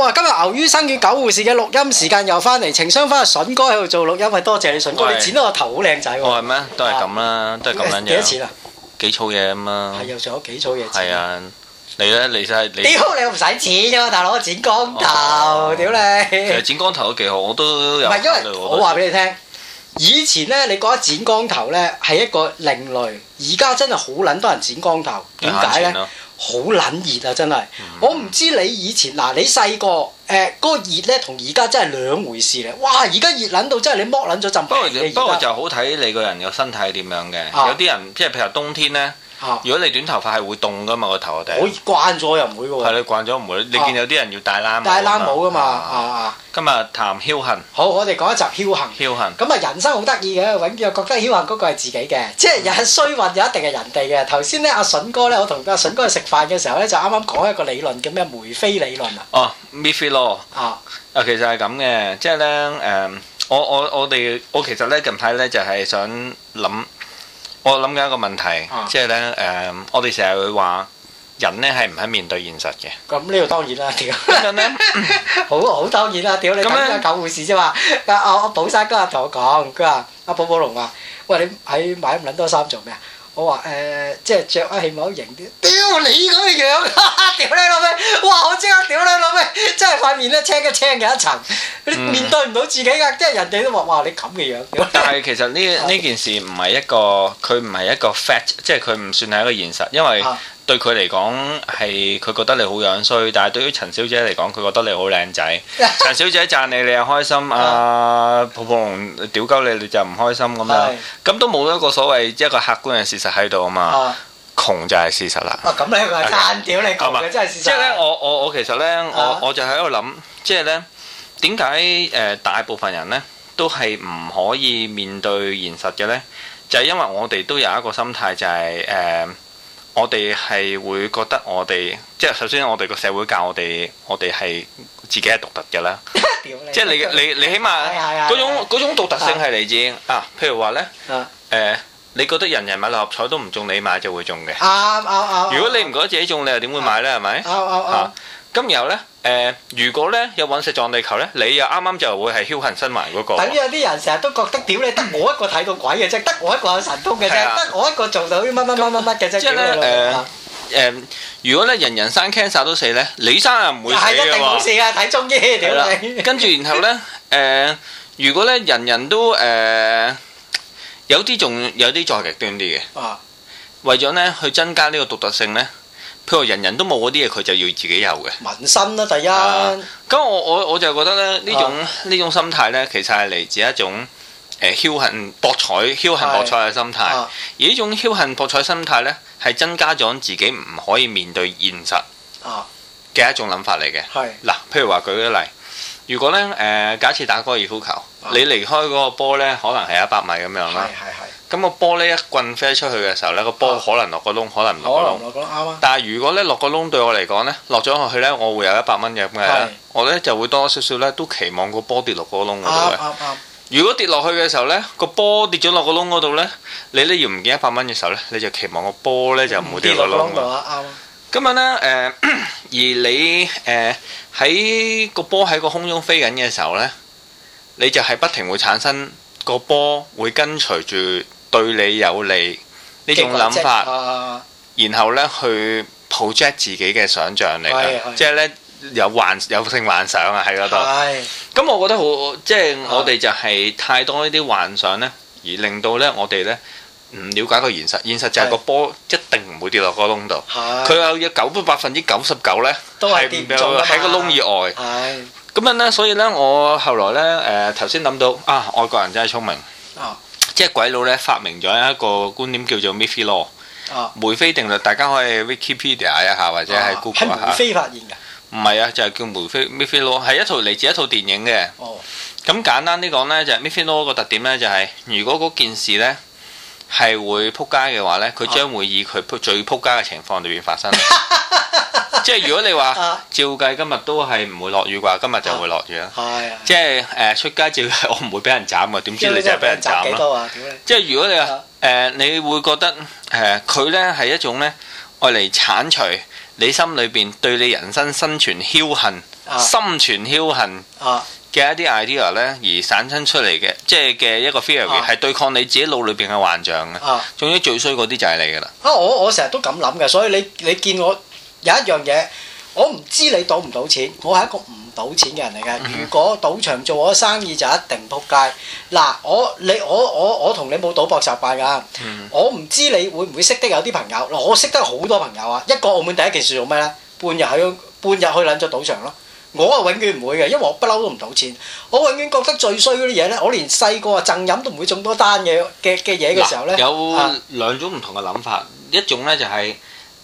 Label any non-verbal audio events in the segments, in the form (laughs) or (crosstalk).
哦、今日牛醫生與狗護士嘅錄音時間又翻嚟，情商翻阿筍哥喺度做錄音，咪多謝你，筍哥是你剪到個頭好靚仔喎。哦係咩？都係咁啦，都係咁樣。幾多錢啊？幾草嘢咁嘛？係又上咗幾草嘢錢。係啊，啊你啦你曬。屌你，我唔使剪㗎、啊、嘛大佬，剪光頭，哦、屌你！其實剪光頭都幾好，我都有。唔係因為我話俾你聽，以前咧你覺得剪光頭咧係一個另類，而家真係好撚多人剪光頭，點解咧？好撚熱啊！真係，嗯、我唔知你以前嗱，你細個誒嗰個熱咧，同而家真係兩回事咧。哇！而家熱撚到真係你剝撚咗陣。不過不過就好睇你個人嘅身體係點樣嘅，啊、有啲人即係譬如冬天咧。如果你短頭髮係會凍噶嘛，個頭我哋，可以慣咗又唔會喎。係你慣咗唔會，你見、啊、有啲人要戴冷帽、戴帽啊，戴冷帽噶嘛。啊，今日談僥倖。啊、好，我哋講一集僥倖。僥倖。咁啊倩，人生好得意嘅，永遠覺得僥倖嗰個係自己嘅，即係人衰運有一定係人哋嘅。頭先咧，阿筍哥咧，我同阿筍哥去食飯嘅時候咧，就啱啱講一個理論，叫咩梅菲理論啊。哦 Murphy Law 啊、啊、呃，其實係咁嘅，即係咧誒，我我我哋我其實咧近排咧就係想諗。我諗緊一個問題，即係咧誒，我哋成日會話人咧係唔肯面對現實嘅。咁呢個當然啦，屌、嗯， (laughs) (laughs) 好，好當然啦，屌你等一等一等，搞咩搞護士啫嘛？阿、啊、阿寶山今日同我講，佢話阿寶寶龍話、啊，喂，你喺買咁撚多衫做咩啊？我話誒、呃，即係着得起碼型啲。你咁嘅樣，屌你老味！哇，我即刻屌你老味！真係塊面咧青一青嘅一層，嗯、你面對唔到自己噶，即係人哋都話：哇，你咁嘅樣，樣。但係其實呢呢件事唔係一個，佢唔係一個 fact，即係佢唔算係一個現實，因為對佢嚟講係佢覺得你好樣衰，但係對於陳小姐嚟講，佢覺得你好靚仔。陳小姐讚你，你又開心；啊，阿婆婆屌鳩你，你就唔開心咁樣。咁都冇一個所謂一個客觀嘅事實喺度啊嘛。窮就係事實啦。哇，咁咧，真屌你講嘅真係事實。即係咧，我我我其實咧，我我就喺度諗，即係咧，點解誒大部分人咧都係唔可以面對現實嘅咧？就係因為我哋都有一個心態，就係誒，我哋係會覺得我哋，即係首先我哋個社會教我哋，我哋係自己係獨特嘅啦。即係你你你起碼嗰種嗰種獨特性係嚟自啊，譬如話咧誒。你覺得人人買六合彩都唔中，你買就會中嘅。啱啱啱。如果你唔覺得自己中，你又點會買咧？係咪？啱啱啱。嚇，咁然後咧，誒，如果咧有隕石撞地球咧，你又啱啱就會係僥倖生埋嗰個。等於有啲人成日都覺得屌你，得我一個睇到鬼嘅啫，得我一個有神通嘅啫，得我一個做到好似乜乜乜乜乜嘅啫。即係咧，誒誒，如果咧人人生 cancer 都死咧，你生係唔會死嘅喎。係一定冇事嘅，睇中醫屌你，跟住然後咧，誒，如果咧人人都誒。有啲仲有啲再極端啲嘅，啊，為咗呢去增加呢個獨特性呢，譬如人人都冇嗰啲嘢，佢就要自己有嘅，紋身啦、啊、第一。咁、啊、我我我就覺得咧，呢種呢、啊、種心態呢其實係嚟自一種誒僥、呃、幸博彩、僥幸博彩嘅心態，啊、而呢種僥幸博彩心態呢係增加咗自己唔可以面對現實嘅一種諗法嚟嘅。係嗱、啊，譬如話舉個例。是如果咧，誒、呃、假設打高爾夫球，啊、你離開嗰個波咧，可能係一百米咁樣啦。係咁個波呢，一棍飛出去嘅時候呢，個波、啊、可能落個窿，可能唔落個窿。落個窿，啱，但係如果咧落個窿對我嚟講呢，落咗落去呢，我會有一百蚊嘅咁嘅。是我呢就會多少少呢，都期望個波跌落個窿度嘅。啊啊啊、如果跌落去嘅時候呢，個波跌咗落個窿嗰度呢，你呢要唔見一百蚊嘅時候呢，你就期望個波呢，嗯、就唔會跌落個窿咁樣咧，誒、呃，而你誒喺個波喺個空中飛緊嘅時候咧，你就係不停會產生個波會跟隨住對你有利呢種諗法，啊、然後咧去 project 自己嘅想像嚟，即係咧有幻有性幻想啊喺嗰度。咁是是 我覺得好，即、就、係、是、我哋就係太多呢啲幻想咧，而令到咧我哋咧。唔瞭解個現實，現實就係個波一定唔會跌落個窿度。係佢有九百分之九十九咧，係跌喺個窿以外。係咁樣咧，所以咧，我後來咧誒頭先諗到啊，外國人真係聰明。哦，即係鬼佬咧發明咗一個觀點叫做梅菲洛。哦，梅菲定律，大家可以 Wikipedia 一下或者係 Google 一下。係梅菲發現嘅？唔係啊，就係叫梅菲梅菲洛，係一套嚟自一套電影嘅。哦，咁簡單啲講咧，就係梅菲洛個特點咧，就係如果嗰件事咧，係會撲街嘅話呢，佢將會以佢最撲街嘅情況裏邊發生。 (laughs) 即係如果你 (laughs) 話照計今日都係唔會落雨嘅話，今日就會落雨啊！ (laughs) 即係、呃、出街照，我唔會俾人斬嘅，點知你就俾人斬 (laughs) 即係如果你話誒、呃、你會覺得佢、呃、呢係一種呢愛嚟鏟除你心裏邊對你人生生存僥倖、 (laughs) 心存僥倖 (laughs) 嘅一啲 idea 咧而產生出嚟嘅，即係嘅一個 theory 係對抗你自己腦裏邊嘅幻象嘅。啊，總之最衰嗰啲就係你噶啦。啊，我我成日都咁諗嘅，所以你你見我有一樣嘢，我唔知你賭唔賭錢，我係一個唔賭錢嘅人嚟嘅。如果賭場做我生意就一定撲街。嗱，我你我我我同你冇賭博習慣㗎。嗯，我唔知你會唔會識得有啲朋友。嗱，我識得好多朋友啊。一個澳門第一件事做咩咧？半日去半日去撚咗賭場咯。我啊，永遠唔會嘅，因為我不嬲都唔賭錢。我永遠覺得最衰嗰啲嘢呢，我連細個啊，贈飲都唔會中多單嘅嘅嘅嘢嘅時候呢，有兩種唔同嘅諗法。啊、一種呢、就係，就、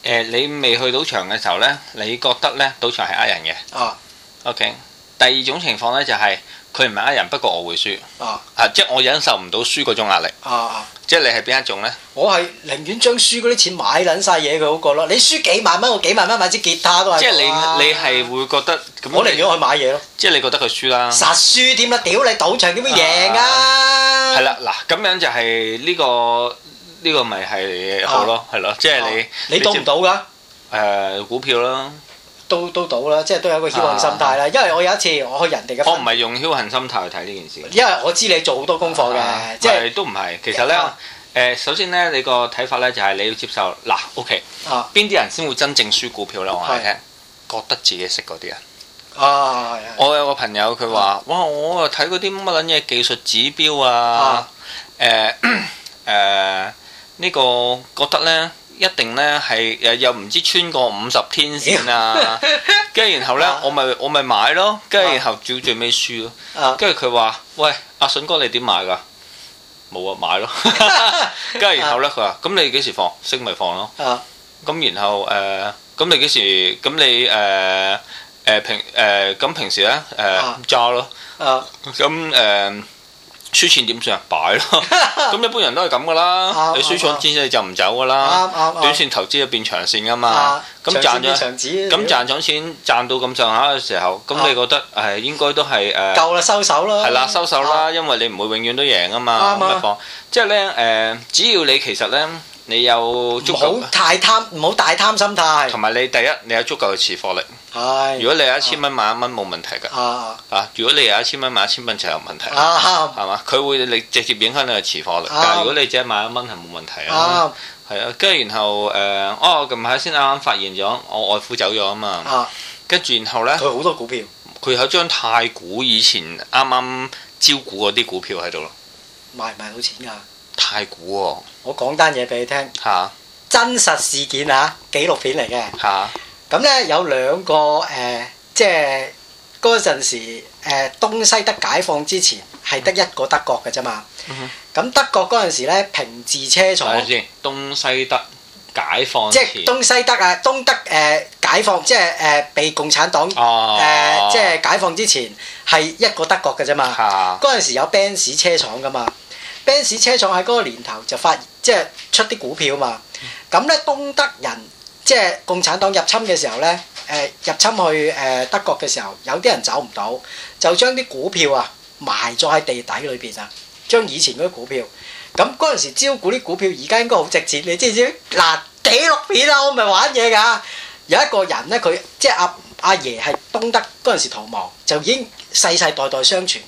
呃、係你未去賭場嘅時候呢，你覺得呢賭場係呃人嘅。哦、啊、OK。第二種情況呢、就係，就係。佢唔係一人，不過我會輸啊，啊！即係我忍受唔到輸嗰種壓力啊啊！即係你係邊一種呢？我係寧願將輸嗰啲錢買撚晒嘢佢嗰個咯。你輸幾萬蚊，我幾萬蚊買支吉他都係、那個、即係你，你係會覺得我寧願我去買嘢咯。即係你覺得佢輸啦？實輸添啦！屌你，賭場點樣贏啊？係啦、啊，嗱，咁樣就係呢、呢個呢、呢個咪係好咯，係咯、啊，即係、就是、你、啊、你賭唔到㗎？誒、啊，股票啦。都都賭啦，即係都有個僥倖心態啦。因為我有一次我去人哋嘅，我唔係用僥倖心態去睇呢件事。因為我知你做好多功課㗎，即係都唔係。其實呢，誒，首先呢，你個睇法呢就係你要接受嗱，OK，邊啲人先會真正輸股票呢？我話你聽，覺得自己識嗰啲人。啊，我有個朋友佢話：哇，我啊睇嗰啲乜撚嘢技術指標啊，誒呢個覺得呢。一定咧係誒又唔知穿過五十天線啊，跟住 (laughs) 然後咧、啊、我咪我咪買咯，跟住然後到最尾輸咯，跟住佢話：喂阿順哥你點買㗎？冇啊，買咯，跟住、啊、然後咧佢話：咁、啊、你幾、啊 (laughs) 呢啊、時放升咪放咯？咁、啊、然後誒咁、呃、你幾時咁你誒誒、呃呃、平誒咁、呃、平時咧誒揸咯，咁誒、啊。啊啊輸錢點算啊？擺咯，咁一般人都係咁噶啦。你輸咗錢你就唔走噶啦。短線投資就變長線噶嘛。咁賺咗，咁賺咗錢賺到咁上下嘅時候，咁你覺得係應該都係誒？夠啦，收手咯。係啦，收手啦，因為你唔會永遠都贏啊嘛。即係咧誒，只要你其實咧，你有足夠唔好太貪，唔好大貪心態。同埋你第一，你有足夠嘅持貨力。係，如果你有一千蚊買一蚊冇問題㗎。啊，如果你有一千蚊買一千蚊就係有問題。啊，係嘛？佢會你直接影響你嘅持貨率。啊，如果你只係買一蚊係冇問題啊。啊，係啊。跟住然後誒，哦，近排先啱啱發現咗，我外父走咗啊嘛。跟住然後咧，佢好多股票。佢有張太古以前啱啱招股嗰啲股票喺度咯。賣唔賣到錢㗎？太古喎，我講單嘢俾你聽。嚇！真實事件啊，紀錄片嚟嘅。嚇！咁咧，有兩個誒、呃，即係嗰陣時誒東西德解放之前係得一個德國嘅啫嘛。咁、嗯、哼德國嗰陣時咧，平治車廠。東西德解放。即係東西德啊，東德誒、呃、解放，即係誒、呃、被共產黨誒、哦呃、即係解放之前係一個德國嘅啫嘛。嗰陣、啊、時有 Benz 車廠噶嘛，Benz 車廠喺嗰個年頭就發即係出啲股票嘛。咁咧、嗯、東德人。即係共產黨入侵嘅時候咧，誒，入侵去誒德國嘅時候，有啲人走唔到，就將啲股票啊埋咗喺地底裏邊啊，將以前嗰啲股票，咁嗰陣時招股啲股票，而家應該好值錢，你知唔知？嗱，紀錄片啦，我咪玩嘢噶。有一個人咧，佢即係阿阿爺係東德嗰陣時逃亡，就已經世世代代相傳。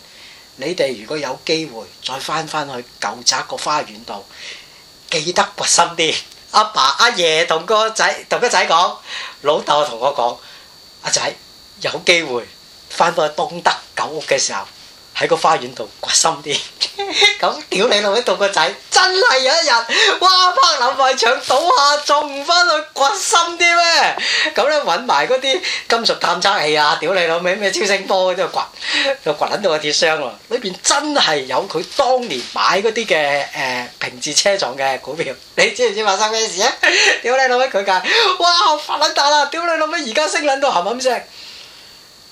你哋如果有機會再翻翻去舊宅個花園度，記得掘深啲。阿爸阿爺同個仔同個仔講，老豆同我講，阿仔有機會返到去東德舊屋嘅時候。喺個花園度掘深啲，咁屌你老味到個仔真係有一日，哇！柏林圍牆倒下，仲唔翻去掘深啲咩？咁咧揾埋嗰啲金屬探測器啊，屌你老味咩超聲波喺度掘，就掘捻到個鐵箱喎，裏邊真係有佢當年買嗰啲嘅誒平治車撞嘅股票，你知唔知發生咩事咧？屌你老味佢架，哇！發捻達啦，屌你老味而家升捻到冚冚聲。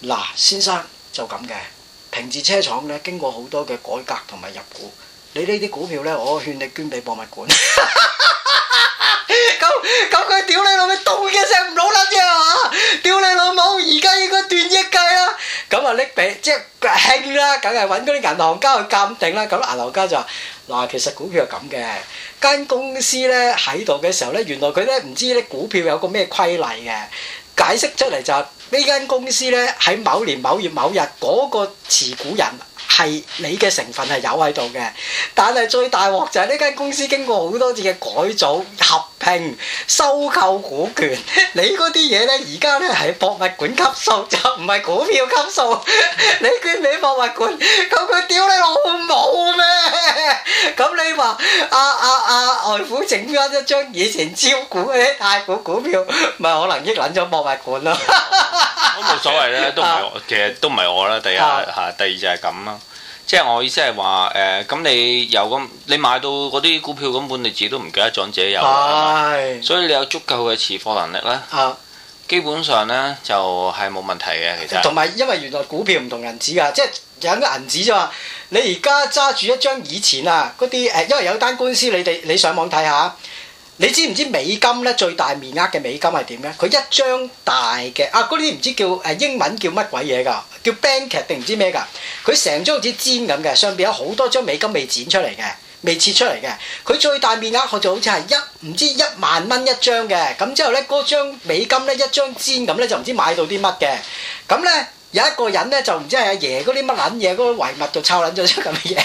嗱，先生就咁嘅。平治車廠咧，經過好多嘅改革同埋入股，你呢啲股票咧，我勸你捐俾博物館。 (laughs) (laughs) 咁咁佢屌你老母，咚嘅聲唔老撚啫嘛！屌你老母，而家應該斷億計啦。咁啊拎俾即係興啦，梗係揾嗰啲銀行家去鑑定啦。咁銀行家就話：嗱，其實股票係咁嘅，間公司咧喺度嘅時候咧，原來佢咧唔知咧股票有個咩規例嘅。解釋出嚟就係呢間公司咧，喺某年某月某日嗰個持股人。係你嘅成分係有喺度嘅，但係最大鑊就係呢間公司經過好多次嘅改組、合併、收購股權，你嗰啲嘢呢，而家呢係博物館級數，就唔係股票級數。你捐俾博物館，咁佢屌你老母咩？咁你話阿阿阿外父整翻一張以前招股嗰啲太古股票，咪可能益撚咗博物館咯。哈哈都冇，啊、所謂咧，都唔係，其實都唔係我啦。第一吓，第二，啊、第二就係咁啦。即係我意思係話，誒、呃，咁你有咁，你買到嗰啲股票咁本你自己都唔記得咗自己有，啊，所以你有足夠嘅持貨能力啦，啊、基本上咧就係、是、冇問題嘅，其實。同埋因為原來股票唔同銀紙㗎，即係有銀紙咋嘛？你而家揸住一張以前啊，嗰啲誒，因為有單官司，你哋你上網睇下。你知唔知美金咧最大面額嘅美金係點嘅？佢一張大嘅啊，嗰啲唔知叫，誒、英文叫乜鬼嘢㗎？叫 banker 定唔知咩㗎？佢成張好似尖咁嘅，上邊有好多張美金未剪出嚟嘅，未切出嚟嘅。佢最大面額好就好似係一唔知一萬蚊一張嘅。咁之後咧，嗰張美金咧一張尖咁咧就唔知買到啲乜嘅。咁咧。有一個人咧，就唔知係阿爺嗰啲乜撚嘢嗰啲遺物，就抄撚咗出咁嘅嘢。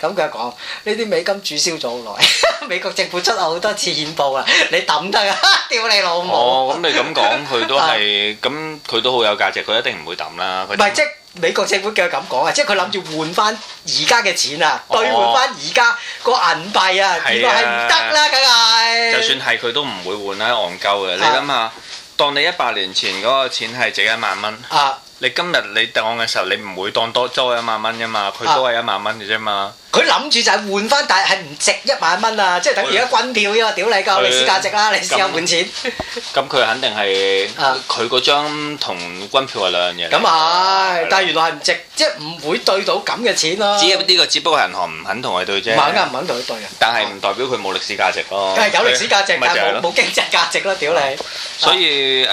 咁佢就講，呢啲美金註銷咗好耐，美國政府出咗好多次現報啊！你抌得啊，屌你老母！咁、哦嗯、你咁講，佢都係咁，佢 (laughs) 都好有價值，佢一定唔會抌啦。唔係，即係美國政府叫佢咁講啊，即係佢諗住換翻而家嘅錢啊，兌換翻而家個銀幣啊，而家係唔得啦，梗係。就算係佢都唔會換啦。戇鳩嘅，你諗下，當你一百年前嗰個錢係值一萬蚊啊！Uh, uh, 你今日你當嘅時候，你唔會當多收一萬蚊嘅嘛？佢都係一萬蚊嘅啫嘛。啊佢諗住就係換翻，但係唔值一萬蚊啊！即係等而家軍票啫嘛，屌你個歷史價值啦，你試下換錢。咁佢肯定係。佢嗰張同軍票係兩樣嘢。咁係，但係原來係唔值，即係唔會對到咁嘅錢咯。只呢個只不過銀行唔肯同佢對啫。唔肯同你對。但係唔代表佢冇歷史價值咯。梗係有歷史價值，但係冇冇經濟價值咯，屌你！所以誒，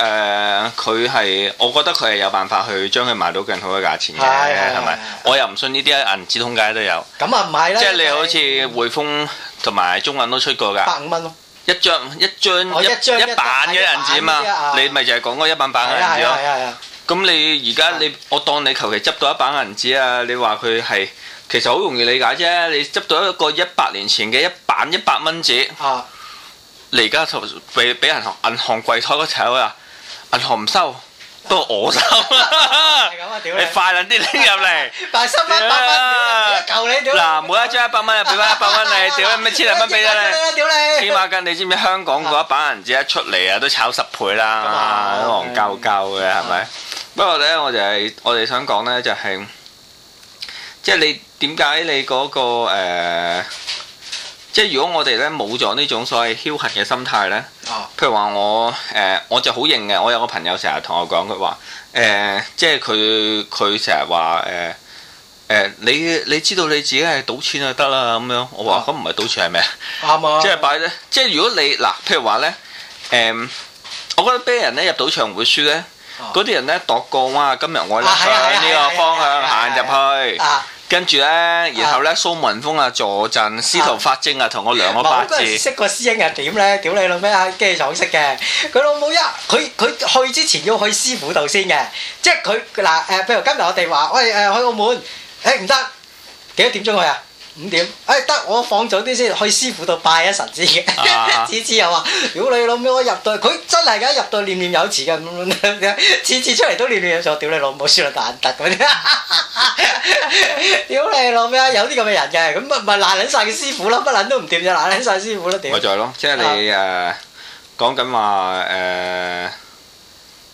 佢係我覺得佢係有辦法去將佢賣到更好嘅價錢嘅，係咪？我又唔信呢啲喺銀紙通街都有。咁啊！唔係，即係你好似匯豐同埋中銀都出過㗎，一百蚊咯，一張一張一一版嘅銀紙嘛，你咪就係講嗰一版版嘅銀紙咯。咁你而家你我當你求其執到一版銀紙啊，你話佢係其實好容易理解啫，你執到一個一百年前嘅一版一百蚊紙，啊，你而家同畀俾銀行，銀行櫃台嗰頭話銀行唔收。都我收，你快撚啲拎入嚟，百十蚊、百蚊，舊你屌！嗱，每一張一百蚊入，俾翻一百蚊你，屌你咩千零蚊俾咗你？起碼緊，你知唔知香港嗰一班銀紙一出嚟啊，都炒十倍啦嘛，憨鳩鳩嘅係咪？不過咧，我就係我哋想講咧，就係即係你點解你嗰個誒？即係如果我哋咧冇咗呢種所謂僥倖嘅心態咧，譬如話我誒、呃、我就好認嘅，我有個朋友成日同我講，佢話誒即係佢佢成日話誒誒你你知道你自己係賭錢就得啦咁樣，我話咁唔係賭錢係咩？啱啊！啊即係擺咧，即係如果你嗱譬如話咧誒，我覺得畀人咧入賭場會輸咧，嗰啲、啊、人咧度過啊，今日我咧向呢個方向行入去。啊啊啊啊啊。跟住咧，然後咧，蘇文峰啊助陣，司徒法正啊同我兩個八字。識個師兄又點咧？屌你老咩啊！機器人識嘅。佢老母一，佢佢去之前要去師傅度先嘅。即係佢嗱誒，譬如今日我哋話喂誒去澳門，誒唔得幾多點鐘去啊？五點，誒、哎、得我放早啲先去師傅度拜一神先嘅。次、啊、次又話：屌、啊、你老味，我入到佢真係嘅，入到念念有詞嘅，次次出嚟都念念有錯。屌你老味，冇算啦，蛋突啲。屌你老味啊，有啲咁嘅人嘅，咁咪咪難撚晒嘅師傅咯，不撚都唔掂就難撚晒師傅咯，屌、就是！咪就係咯，即係你誒講緊話誒，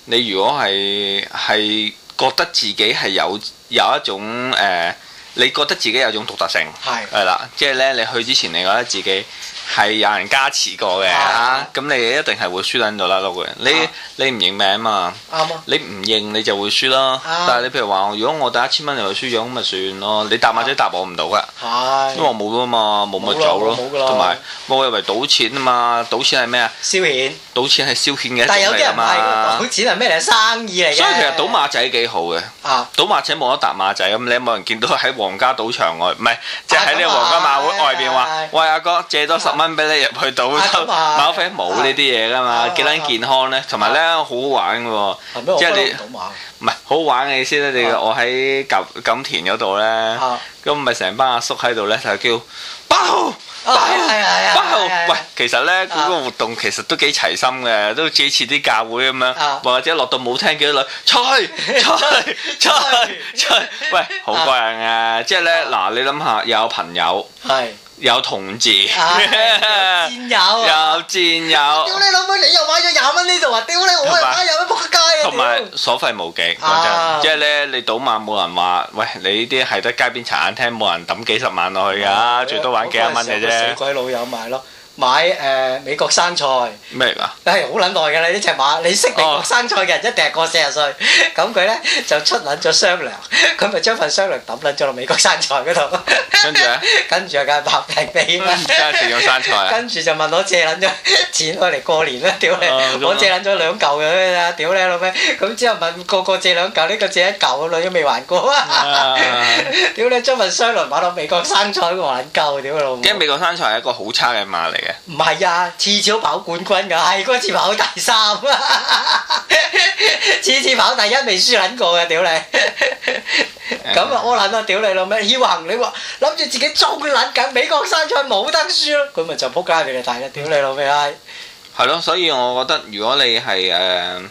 你如果係係覺得自己係有有一種誒。Uh, 你覺得自己有種獨特性，係啦的，即係呢，就是、你去之前你覺得自己，係有人加持過嘅嚇，咁你一定係會輸緊咗啦六個人。你你唔認名嘛？你唔認你就會輸咯。但係你譬如話，如果我打一千蚊你又輸咗，咁咪算咯。你搭馬仔答我唔到㗎，因為冇㗎嘛，冇咪走咯。同埋我以為賭錢啊嘛，賭錢係咩啊？消遣。賭錢係消遣嘅一種嚟嘛。賭錢係咩嚟？生意嚟嘅。所以其實賭馬仔幾好嘅。啊！賭馬仔冇得搭馬仔咁，你有冇人見到喺皇家賭場外，唔係即係喺你皇家馬會外邊話：喂，阿哥借咗十蚊俾你入去賭室，馬匪冇呢啲嘢㗎嘛，幾撚健康咧？同埋咧，好好玩喎，即係你唔係好玩嘅意思。你我喺錦田嗰度咧，咁咪成班阿叔喺度咧，就叫八號，八號，八號。喂，其實咧，佢個活動其實都幾齊心嘅，都似似啲教會咁樣，或者落到舞廳幾多女，吹吹吹吹，喂，好過癮嘅。即係咧，嗱，你諗下，又有朋友。有同志、啊，有戰友， (laughs) 有戰友。屌 (laughs) 你老母，你又買咗廿蚊呢度啊！屌你，我係買入去撲街啊！同埋所費無幾，即係咧，你賭馬冇人話，喂，你呢啲係得街邊茶餐廳冇人抌幾十萬落去㗎，最多玩幾十啊蚊嘅啫。有死鬼老友買咯。買誒美國生菜咩嚟㗎？係好撚耐㗎啦！呢隻馬，你識美國生菜嘅人一定係過四十歲。咁佢咧就出撚咗雙糧，佢咪將份雙糧抌撚咗落美國生菜嗰度。跟住咧？跟住梗係白皮皮啦。真係食咗生菜。跟住就問我借撚咗錢去嚟過年啦，屌你！我借撚咗兩嚿嘅啫，屌你老味！咁之後問個個借兩嚿，呢個借一嚿，老味都未還過。屌你！將份雙糧買落美國生菜玩夠，屌你老母！驚美國生菜係一個好差嘅馬嚟。唔係啊，次次都跑冠軍噶，係、哎、嗰次跑第三，次 (laughs) 次跑第一未輸捻過嘅，屌你！咁啊，我捻啊，屌你老咩？僥倖你話，諗住自己裝捻緊，美國山菜冇得輸咯，咁咪就仆街俾你大啦，屌你老味啦！係咯，所以我覺得如果你係誒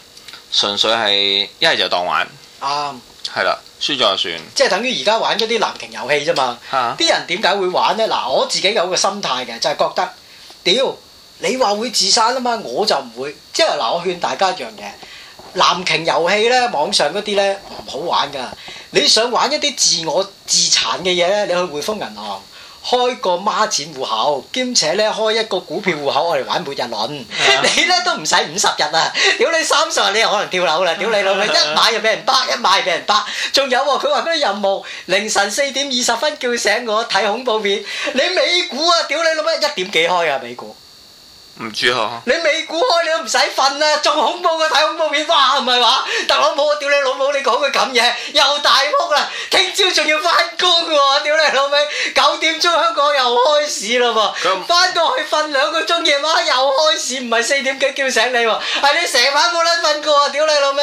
純粹係一係就當玩，啱係啦，輸咗就算，即係等於而家玩咗啲藍鯨遊戲啫嘛，啲、啊、人點解會玩呢？嗱，我自己有個心態嘅，就係、是、覺得。屌，你話會自殺啊嘛，我就唔會。即係嗱，我勸大家一樣嘢：藍鯨遊戲呢，網上嗰啲呢唔好玩㗎。你想玩一啲自我自殘嘅嘢呢，你去匯豐銀行。開個孖展戶口，兼且呢開一個股票戶口，我哋玩每日輪。Yeah. (laughs) 你呢都唔使五十日啊！屌 (laughs) (laughs) 你三十日你又可能跳樓啦！屌你老母，一買就俾人崩，一買就俾人崩。仲有喎，佢話咩任務，凌晨四點二十分叫醒我睇恐怖片。你美股啊，屌你老母，一點幾開啊美股？唔知啊！你美股開你都唔使瞓啦，仲恐怖過睇恐怖片，哇，唔係話特朗普，我屌你老母！你講佢咁嘢又大扑啦，聽朝仲要翻工喎，屌你老味！九點鐘香港又開始啦噃，翻過那去瞓兩個鐘夜晚又開始，唔係四點幾叫醒你喎，係你成晚冇得瞓過啊，屌你老！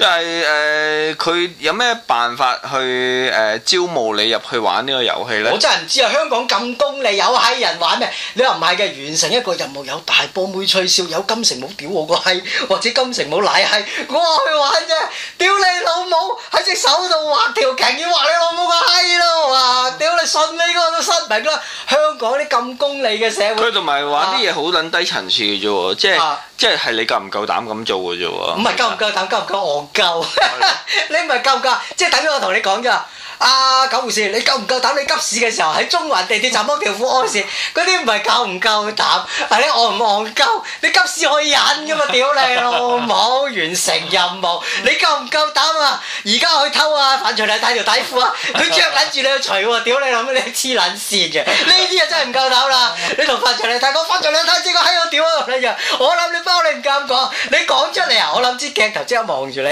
即係佢、呃、有咩辦法去誒、呃、招募你入去玩呢個遊戲呢？我真係唔知啊！香港咁功利，有閪人玩咩？你話唔係嘅，完成一個任務有大波妹吹笑，有金城武屌我個閪，或者金城武奶閪，我話去玩啫！屌你老母，喺隻手度畫條鯨要畫你老母個閪咯！哇！屌你信你個都失明啦！香港啲咁功利嘅社會，佢仲埋玩啲嘢好撚低層次嘅啫喎，即係即係你夠唔夠膽咁做嘅啫喎？唔係、嗯、不夠唔夠膽，夠唔夠戇？夠，救 (laughs) 你唔係夠㗎，即係等於我同你講咋。啊，九回事，你夠唔夠膽？你急屎嘅時候喺中環地鐵站幫條褲屙屎，嗰啲唔係夠唔夠膽，係、啊、你戇唔戇鳩？你急屎可以忍噶嘛？屌你老母，冇完成任務，你夠唔夠膽啊？而家去偷啊！范徐麗帶條底褲啊！佢著緊住你去除喎，屌你老母，你黐撚線嘅！呢啲啊真係唔夠膽啦！你同范徐麗睇我范徐兩睇，知個閪我屌啊！老日，我諗你包你唔敢講，你講出嚟啊！我諗支鏡頭即刻望住你，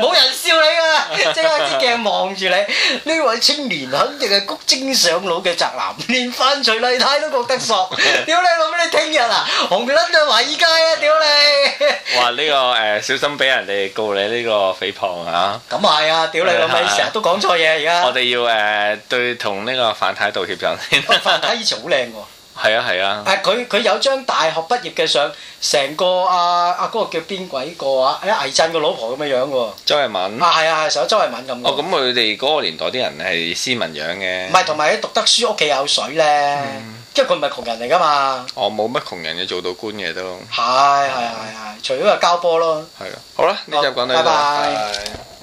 冇 (laughs) 人笑你㗎，即刻支鏡望住你。呢 (music) 位青年肯定係谷精上腦嘅宅男，連范徐麗泰都覺得索。屌你老味，聽日啊，紅面甩咗華衣街啊，屌你！話呢、這個誒、呃，小心俾人哋告你呢個肥婆啊！咁係啊，屌你老味，成日、啊、都講錯嘢而家。我哋要誒、呃、對同呢個范太道歉先。范、 (laughs) 哦、太以前好靚㗎。係啊係啊，誒佢佢有張大學畢業嘅相，成個阿阿嗰個叫邊鬼個啊，誒倪震個老婆咁嘅樣嘅喎，周慧敏啊係啊係成個周慧敏咁嘅。哦咁佢哋嗰個年代啲人係斯文樣嘅。唔係同埋啲讀得書屋企有水咧，因為佢唔係窮人嚟㗎嘛。哦，冇乜窮人嘅做到官嘅都。係係係係，除咗個交波咯。係啊，好啦，呢集講到依度，拜拜。